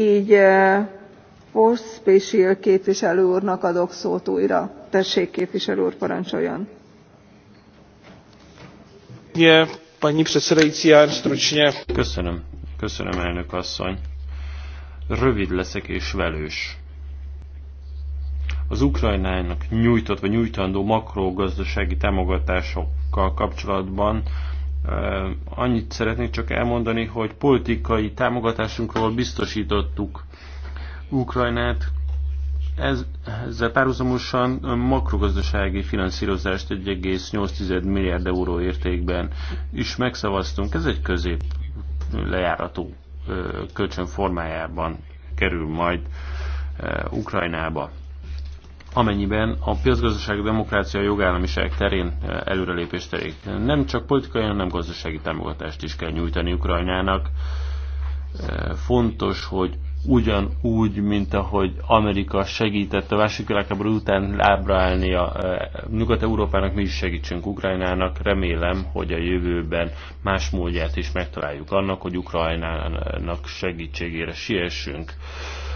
gy pospil képviselő úrnak adok szót újra. tessék képviselő úr parancsoljon! Köszönöm. Köszönöm, elnök asszony. Rövid leszek és velős az Ukrajnának nyújtott vagy nyújtandó makrogazdasági támogatásokkal kapcsolatban Annyit szeretnék csak elmondani, hogy politikai támogatásunkról biztosítottuk Ukrajnát. Ez, ezzel párhuzamosan makrogazdasági finanszírozást 1,8 milliárd euró értékben is megszavaztunk. Ez egy közép lejáratú kölcsön formájában kerül majd Ukrajnába amennyiben a piacgazdasági demokrácia jogállamiság terén eh, előrelépést terén. Nem csak politikai, hanem gazdasági támogatást is kell nyújtani Ukrajnának. Eh, fontos, hogy ugyanúgy, mint ahogy Amerika segített a másik világháború után lábra állni a eh, Nyugat-Európának, mi is segítsünk Ukrajnának. Remélem, hogy a jövőben más módját is megtaláljuk annak, hogy Ukrajnának segítségére siessünk.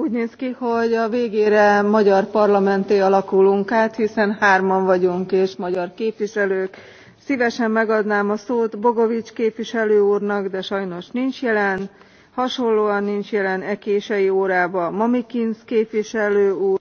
úgy néz ki hogy a végére magyar parlamentté alakulunk át hiszen hárman vagyunk és magyar képviselők. szvesen megadnám a szót Bogovics képviselő úrnak de sajnos nincs jelen hasonlóan nincs jelen e késői órában mamikins képviselő úr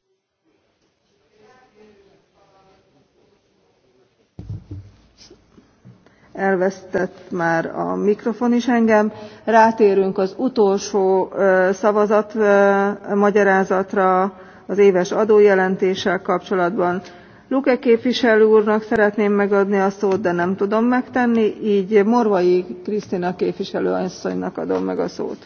elvesztett már a mikrofon is engem. rátérünk az utolsó szavazatmagyarázatra az éves adójelentéssel kapcsolatban. luke képviselő úrnak szeretném megadni a szót de nem tudom megtenni gy morvai krisztina képviselő asszonynak adom meg a szót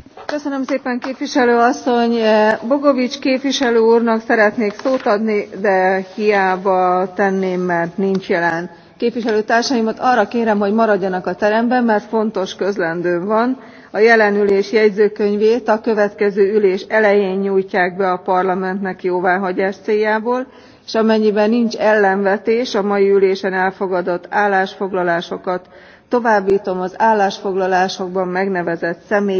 köszönöm szépen képviselő asszony eh, bogovi képviselő úrnak szeretnék szót adni de hiába tenném mert nincs jelen. képviselőtársaimat arra kérem hogy maradjanak a teremben mert fontos közlendőm van a jelen ülés jegyzőkönyvét a következő ülés elején nyújtják be a parlamentnek jóváhagyás céljából és amennyiben nincs ellenvetés a mai ülésen elfogadott állásfoglalásokat továbbtom az állásfoglalásokban megnevezett személyek